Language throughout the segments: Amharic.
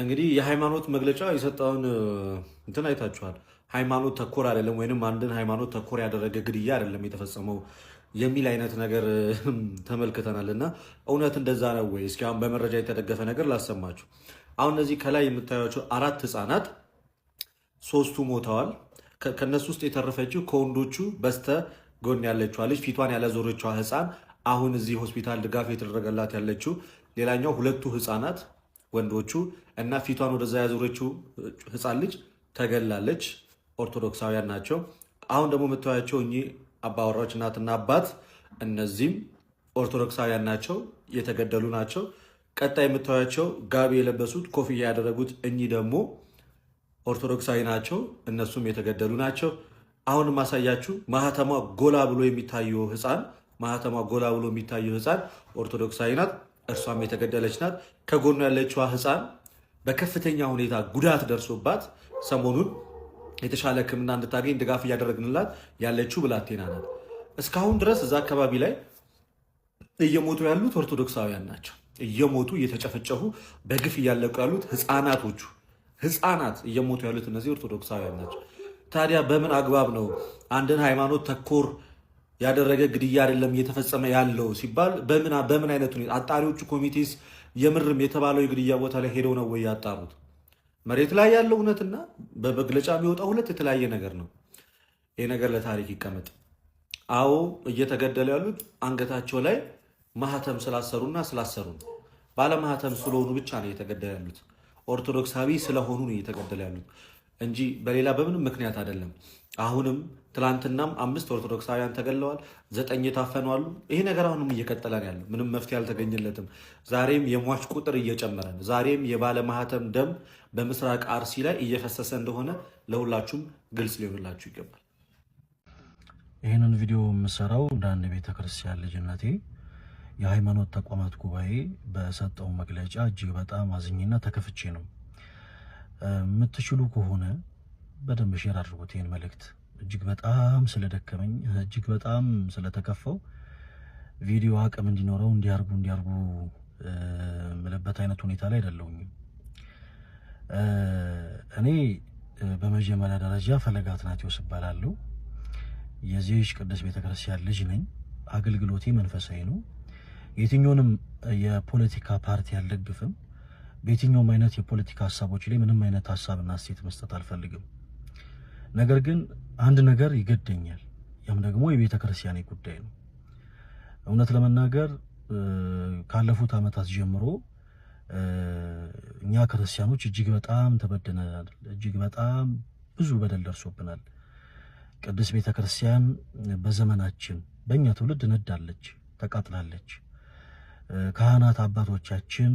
እንግዲህ የሃይማኖት መግለጫ የሰጠውን እንትን አይታችኋል። ሃይማኖት ተኮር አይደለም ወይንም አንድን ሃይማኖት ተኮር ያደረገ ግድያ አይደለም የተፈጸመው የሚል አይነት ነገር ተመልክተናል። እና እውነት እንደዛ ነው ወይ? እስኪ አሁን በመረጃ የተደገፈ ነገር ላሰማችሁ። አሁን እነዚህ ከላይ የምታዩቸው አራት ህፃናት ሶስቱ ሞተዋል። ከነሱ ውስጥ የተረፈችው ከወንዶቹ በስተ ጎን ያለችዋ ልጅ ፊቷን ያለዞረችዋ ህፃን አሁን እዚህ ሆስፒታል ድጋፍ የተደረገላት ያለችው ሌላኛው ሁለቱ ህፃናት ወንዶቹ እና ፊቷን ወደዛ ያዞረችው ህፃን ልጅ ተገላለች። ኦርቶዶክሳውያን ናቸው። አሁን ደግሞ የምታያቸው እኚህ አባወራዎች እናትና አባት እነዚህም ኦርቶዶክሳውያን ናቸው፣ የተገደሉ ናቸው። ቀጣይ የምታያቸው ጋቢ የለበሱት ኮፍያ ያደረጉት እኚህ ደግሞ ኦርቶዶክሳዊ ናቸው፣ እነሱም የተገደሉ ናቸው። አሁን ማሳያችሁ ማህተማ ጎላ ብሎ የሚታየው ህፃን ማህተማ ጎላ ብሎ የሚታየው ህፃን ኦርቶዶክሳዊ ናት። እርሷም የተገደለች ናት። ከጎኑ ያለችዋ ህፃን በከፍተኛ ሁኔታ ጉዳት ደርሶባት ሰሞኑን የተሻለ ሕክምና እንድታገኝ ድጋፍ እያደረግንላት ያለችው ብላቴና ናት። እስካሁን ድረስ እዛ አካባቢ ላይ እየሞቱ ያሉት ኦርቶዶክሳውያን ናቸው። እየሞቱ እየተጨፈጨፉ በግፍ እያለቁ ያሉት ህፃናቶቹ ህፃናት እየሞቱ ያሉት እነዚህ ኦርቶዶክሳውያን ናቸው። ታዲያ በምን አግባብ ነው አንድን ሃይማኖት ተኮር ያደረገ ግድያ አይደለም እየተፈጸመ ያለው ሲባል በምን በምን አይነት ሁኔታ አጣሪዎቹ ኮሚቴስ የምርም የተባለው የግድያ ቦታ ላይ ሄደው ነው ወይ ያጣሩት? መሬት ላይ ያለው እውነትና በመግለጫ የሚወጣ ሁለት የተለያየ ነገር ነው። ይህ ነገር ለታሪክ ይቀመጥ። አዎ እየተገደሉ ያሉት አንገታቸው ላይ ማህተም ስላሰሩና ስላሰሩ ነው። ባለማህተም ስለሆኑ ብቻ ነው እየተገደሉ ያሉት። ኦርቶዶክሳዊ ስለሆኑ ነው እየተገደሉ ያሉት እንጂ በሌላ በምንም ምክንያት አይደለም። አሁንም ትላንትናም አምስት ኦርቶዶክሳውያን ተገለዋል፣ ዘጠኝ የታፈኑ አሉ። ይሄ ነገር አሁንም እየቀጠለ ነው ያለው። ምንም መፍትሄ አልተገኘለትም። ዛሬም የሟች ቁጥር እየጨመረ ነው። ዛሬም የባለማህተም ደም በምስራቅ አርሲ ላይ እየፈሰሰ እንደሆነ ለሁላችሁም ግልጽ ሊሆንላችሁ ይገባል። ይህንን ቪዲዮ የምሰራው እንደ አንድ ቤተክርስቲያን ልጅነቴ የሃይማኖት ተቋማት ጉባኤ በሰጠው መግለጫ እጅግ በጣም አዝኝና ተከፍቼ ነው። የምትችሉ ከሆነ በደንብ ሼር አድርጉት ይህን መልእክት። እጅግ በጣም ስለደከመኝ እጅግ በጣም ስለተከፈው ቪዲዮ አቅም እንዲኖረው እንዲያርጉ እንዲያርጉ ምልበት አይነት ሁኔታ ላይ አይደለሁኝም። እኔ በመጀመሪያ ደረጃ ፈለገ አትናቴዎስ እባላለሁ። የዚህች ቅድስት ቤተክርስቲያን ልጅ ነኝ። አገልግሎቴ መንፈሳዊ ነው። የትኛውንም የፖለቲካ ፓርቲ አልደግፍም። በየትኛውም አይነት የፖለቲካ ሀሳቦች ላይ ምንም አይነት ሀሳብና እሴት መስጠት አልፈልግም። ነገር ግን አንድ ነገር ይገደኛል። ያም ደግሞ የቤተ ክርስቲያኔ ጉዳይ ነው። እውነት ለመናገር ካለፉት ዓመታት ጀምሮ እኛ ክርስቲያኖች እጅግ በጣም ተበድነናል። እጅግ በጣም ብዙ በደል ደርሶብናል። ቅድስት ቤተ ክርስቲያን በዘመናችን በእኛ ትውልድ ነዳለች፣ ተቃጥላለች። ካህናት አባቶቻችን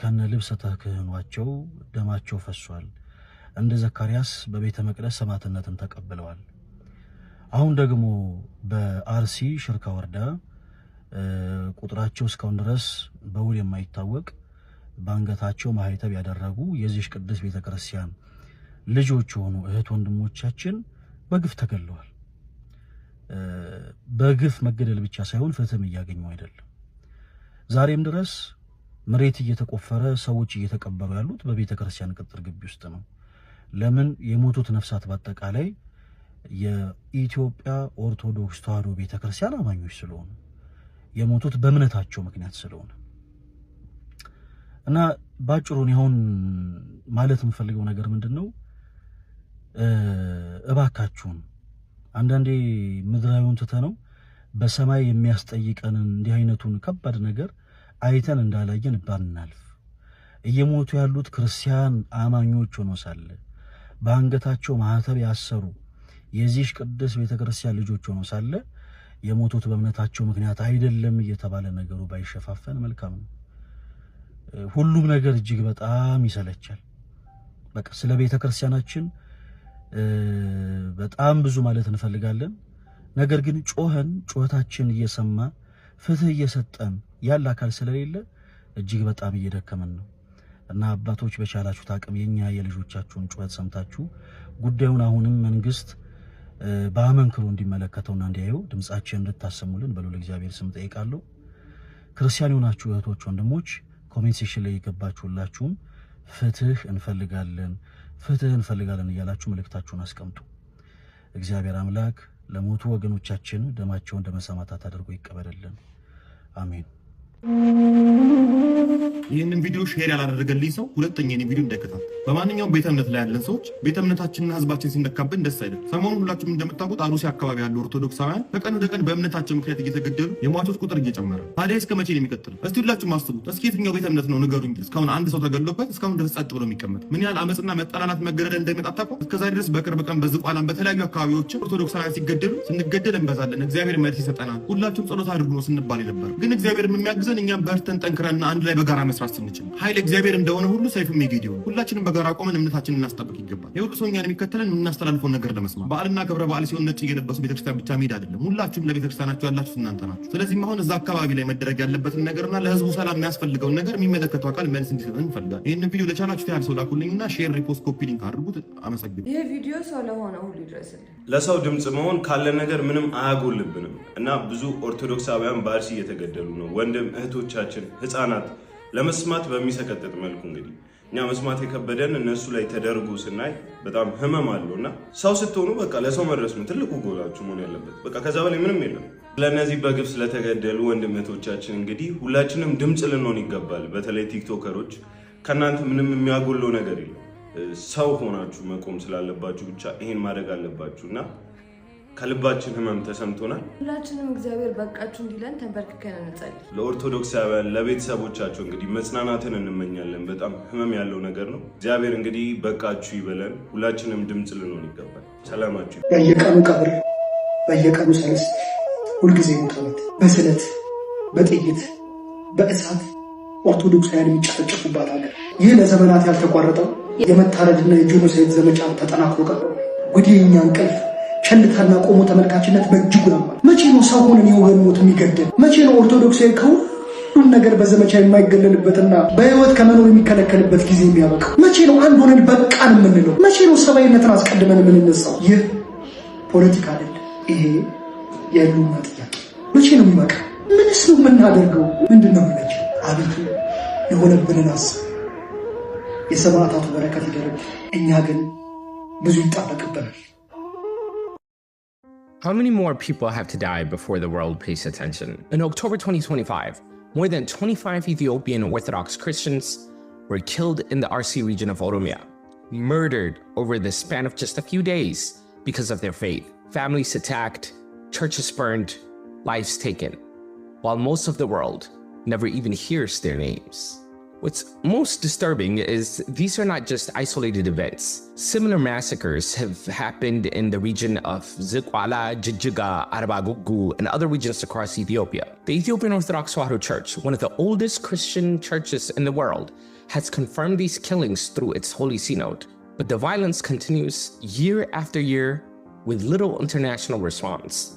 ከነ ልብሰ ተክህኗቸው ደማቸው ፈሷል። እንደ ዘካርያስ በቤተ መቅደስ ሰማዕትነትን ተቀብለዋል። አሁን ደግሞ በአርሲ ሽርካ ወረዳ ቁጥራቸው እስካሁን ድረስ በውል የማይታወቅ በአንገታቸው ማህተብ ያደረጉ የዚህ ቅዱስ ቤተ ክርስቲያን ልጆች የሆኑ እህት ወንድሞቻችን በግፍ ተገለዋል። በግፍ መገደል ብቻ ሳይሆን ፍትህም እያገኙ አይደለም። ዛሬም ድረስ መሬት እየተቆፈረ ሰዎች እየተቀበሩ ያሉት በቤተ ክርስቲያን ቅጥር ግቢ ውስጥ ነው። ለምን የሞቱት ነፍሳት በአጠቃላይ የኢትዮጵያ ኦርቶዶክስ ተዋሕዶ ቤተክርስቲያን አማኞች ስለሆኑ የሞቱት በእምነታቸው ምክንያት ስለሆነ እና ባጭሩን ይሁን ማለት የምፈልገው ነገር ምንድን ነው? እባካችሁን አንዳንዴ ምድራዊውን ትተነው በሰማይ የሚያስጠይቀንን እንዲህ አይነቱን ከባድ ነገር አይተን እንዳላየን ባናልፍ። እየሞቱ ያሉት ክርስቲያን አማኞች ሆኖ ሳለ በአንገታቸው ማህተብ ያሰሩ የዚህ ቅዱስ ቤተክርስቲያን ልጆች ሆኖ ሳለ የሞቱት በእምነታቸው ምክንያት አይደለም እየተባለ ነገሩ ባይሸፋፈን መልካም ነው። ሁሉም ነገር እጅግ በጣም ይሰለቻል። በቃ ስለ ቤተ ክርስቲያናችን በጣም ብዙ ማለት እንፈልጋለን። ነገር ግን ጮኸን ጮኸታችን እየሰማ ፍትህ እየሰጠን ያለ አካል ስለሌለ እጅግ በጣም እየደከመን ነው። እና አባቶች በቻላችሁት አቅም የኛ የልጆቻችሁን ጩኸት ሰምታችሁ ጉዳዩን አሁንም መንግስት በአመንክሮ እንዲመለከተውና እንዲያየው ድምጻችን እንድታሰሙልን በሉ ለእግዚአብሔር ስም ጠይቃለሁ። ክርስቲያን የሆናችሁ እህቶች፣ ወንድሞች ኮሜንት ሴክሽን ላይ የገባችሁላችሁም ፍትህ እንፈልጋለን ፍትህ እንፈልጋለን እያላችሁ መልእክታችሁን አስቀምጡ። እግዚአብሔር አምላክ ለሞቱ ወገኖቻችን ደማቸውን ደመሰማታት አድርጎ ይቀበልልን። አሜን። ይህንን ቪዲዮ ሼር ያላደረገልኝ ሰው ሁለተኛ የኔ ቪዲዮ እንዳይከታተል። በማንኛውም ቤተ እምነት ላይ ያለን ሰዎች ቤተ እምነታችንና ህዝባችን ሲነካብን ደስ አይደል። ሰሞኑን ሁላችሁም እንደምታውቁት አሩሲ አካባቢ ያሉ ኦርቶዶክሳውያን ከቀን ወደ ቀን በእምነታቸው ምክንያት እየተገደሉ የሟቾች ቁጥር እየጨመረ፣ ታዲያ እስከ መቼ ነው የሚቀጥለው? እስቲ ሁላችሁም አስቡት። እስኪ የትኛው ቤተ እምነት ነው ንገሩኝ፣ እስካሁን አንድ ሰው ተገሎበት እስካሁን ድረስ ጸጥ ብሎ የሚቀመጥ ምን ያህል አመፅና መጠላላት መገደል እንደሚጣጣቁ እስከዛ ድረስ በቅርብ ቀን በዝቋላም በተለያዩ አካባቢዎችም ኦርቶዶክሳውያን ሲገደሉ ስንገደል እንበዛለን፣ እግዚአብሔር መልስ ይሰጠናል፣ ሁላችሁም ጸሎት አድርጉ ነው ስንባል ነበር። ግን እግዚአብሔር የሚያግዘን እኛም በርተን ጠንክረና አንድ ላይ በጋራ መስራት ስንችል ኃይል እግዚአብሔር እንደሆነ ሁሉ ሰይፍም የጌዴዎን ሁላችንም በጋራ ቆመን እምነታችንን እናስጠብቅ ይገባል። የውቅ ሰው እኛን የሚከተለን የምናስተላልፈውን ነገር ለመስማት በዓልና ክብረ በዓል ሲሆን ነጭ እየለበሱ ቤተክርስቲያን ብቻ መሄድ አይደለም። ሁላችሁም ለቤተክርስቲያናችሁ ያላችሁ እናንተ ናችሁ። ስለዚህም አሁን እዛ አካባቢ ላይ መደረግ ያለበትን ነገርና ለህዝቡ ሰላም የሚያስፈልገውን ነገር የሚመለከተው አካል መልስ እንዲሰጠን እንፈልጋል። ይህንን ቪዲዮ ለቻላችሁ ያህል ሰው ላኩልኝና ሼር፣ ሪፖስት፣ ኮፒ ሊንክ አድርጉት። አመሰግናለሁ። ይህ ቪዲዮ ሰው ለሆነ ሁሉ ይድረስልን። ለሰው ድምፅ መሆን ካለ ነገር ምንም አያጎልብንም እና ብዙ ኦርቶዶክሳውያን በአርሲ እየተገደሉ ነው። ወንድም እህቶቻችን ህፃናት ናት። ለመስማት በሚሰቀጥጥ መልኩ እንግዲህ እኛ መስማት የከበደን እነሱ ላይ ተደርጎ ስናይ በጣም ህመም አለው እና ሰው ስትሆኑ በቃ ለሰው መድረስ ነው ትልቁ ጎላችሁ መሆን ያለበት። በቃ ከዛ በላይ ምንም የለም። ለእነዚህ በግፍ ስለተገደሉ ወንድመቶቻችን እንግዲህ ሁላችንም ድምፅ ልንሆን ይገባል። በተለይ ቲክቶከሮች ከእናንተ ምንም የሚያጎለው ነገር የለም። ሰው ሆናችሁ መቆም ስላለባችሁ ብቻ ይሄን ማድረግ አለባችሁ እና ከልባችን ህመም ተሰምቶናል። ሁላችንም እግዚአብሔር በቃችሁ እንዲለን ተንበርክከን እንጸልይ። ለኦርቶዶክሳውያን ለቤተሰቦቻቸው እንግዲህ መጽናናትን እንመኛለን። በጣም ህመም ያለው ነገር ነው። እግዚአብሔር እንግዲህ በቃችሁ ይበለን። ሁላችንም ድምፅ ልንሆን ይገባል። ሰላማችሁ በየቀኑ ቀብር፣ በየቀኑ ሰለስት፣ ሁልጊዜ ሞታበት በስለት በጥይት በእሳት ኦርቶዶክሳውያን የሚጨፈጨፉባት ሀገር ይህ ለዘመናት ያልተቋረጠው የመታረድና የጄኖሳይድ ዘመቻ ተጠናክሮ ቀጥሎ ወደ እንቅልፍ ቸልታና ቆሞ ተመልካችነት በእጅጉ ነበር። መቼ ነው ሰው ሆነን የወገን ሞት የሚገድል? መቼ ነው ኦርቶዶክሳዊ ከሁሉም ነገር በዘመቻ የማይገለልበትና በህይወት ከመኖር የሚከለከልበት ጊዜ የሚያበቃው? መቼ ነው አንድ ሆነን በቃን የምንለው? መቼ ነው ሰብአዊነትን አስቀድመን የምንነሳው? ይህ ፖለቲካ አይደል። ይሄ የህልውና ጥያቄ መቼ ነው የሚበቃ? ምንስ ነው የምናደርገው? ምንድን ነው የሚበጀው? አቤቱ የሆነብንን አስብ። የሰማዕታቱ በረከት ይደረግ። እኛ ግን ብዙ ይጠበቅብናል። How many more people have to die before the world pays attention? In October 2025, more than 25 Ethiopian Orthodox Christians were killed in the RC region of Oromia, murdered over the span of just a few days because of their faith. Families attacked, churches burned, lives taken, while most of the world never even hears their names. What's most disturbing is these are not just isolated events. Similar massacres have happened in the region of Zikwala, Jijiga, Arabagugu, and other regions across Ethiopia. The Ethiopian Orthodox Swahili Church, one of the oldest Christian churches in the world, has confirmed these killings through its Holy Synod. But the violence continues year after year with little international response.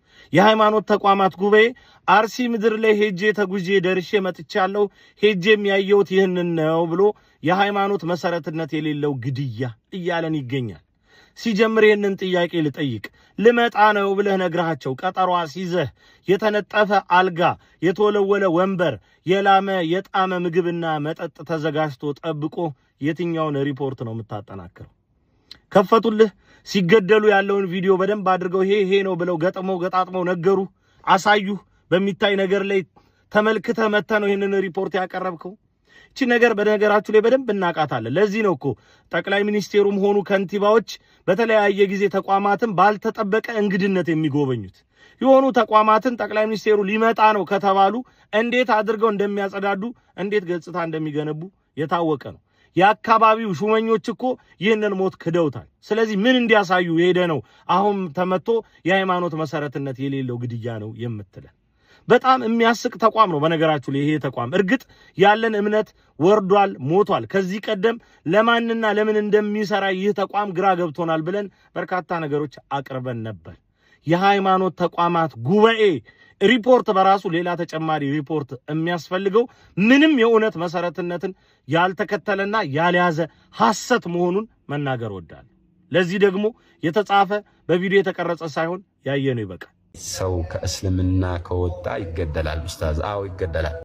የሃይማኖት ተቋማት ጉባኤ አርሲ ምድር ላይ ሄጄ ተጉዤ ደርሼ መጥቻለሁ፣ ሄጄ የሚያየውት ይህንን ነው ብሎ የሃይማኖት መሰረትነት የሌለው ግድያ እያለን ይገኛል። ሲጀምር ይህንን ጥያቄ ልጠይቅ። ልመጣ ነው ብለህ ነግረሃቸው ቀጠሯ ሲዘህ የተነጠፈ አልጋ፣ የተወለወለ ወንበር፣ የላመ የጣመ ምግብና መጠጥ ተዘጋጅቶ ጠብቆ የትኛውን ሪፖርት ነው የምታጠናክረው? ከፈቱልህ ሲገደሉ ያለውን ቪዲዮ በደንብ አድርገው ይሄ ይሄ ነው ብለው ገጥመው ገጣጥመው ነገሩ አሳዩ። በሚታይ ነገር ላይ ተመልክተ መተ ነው ይህንን ሪፖርት ያቀረብከው። እቺ ነገር በነገራችሁ ላይ በደንብ እናቃታለን። ለዚህ ነው እኮ ጠቅላይ ሚኒስቴሩም ሆኑ ከንቲባዎች በተለያየ ጊዜ ተቋማትን ባልተጠበቀ እንግድነት የሚጎበኙት የሆኑ ተቋማትን ጠቅላይ ሚኒስቴሩ ሊመጣ ነው ከተባሉ እንዴት አድርገው እንደሚያጸዳዱ፣ እንዴት ገጽታ እንደሚገነቡ የታወቀ ነው። የአካባቢው ሹመኞች እኮ ይህንን ሞት ክደውታል። ስለዚህ ምን እንዲያሳዩ የሄደ ነው? አሁን ተመቶ የሃይማኖት መሰረትነት የሌለው ግድያ ነው የምትለን በጣም የሚያስቅ ተቋም ነው። በነገራችሁ ላይ ይሄ ተቋም እርግጥ ያለን እምነት ወርዷል፣ ሞቷል። ከዚህ ቀደም ለማንና ለምን እንደሚሰራ ይህ ተቋም ግራ ገብቶናል ብለን በርካታ ነገሮች አቅርበን ነበር። የሃይማኖት ተቋማት ጉባኤ ሪፖርት በራሱ ሌላ ተጨማሪ ሪፖርት የሚያስፈልገው ምንም የእውነት መሰረትነትን ያልተከተለና ያልያዘ ሐሰት መሆኑን መናገር ወዳል። ለዚህ ደግሞ የተጻፈ በቪዲዮ የተቀረጸ ሳይሆን ያየነው ይበቃል። ሰው ከእስልምና ከወጣ ይገደላል። ኡስታዝ፣ አዎ ይገደላል።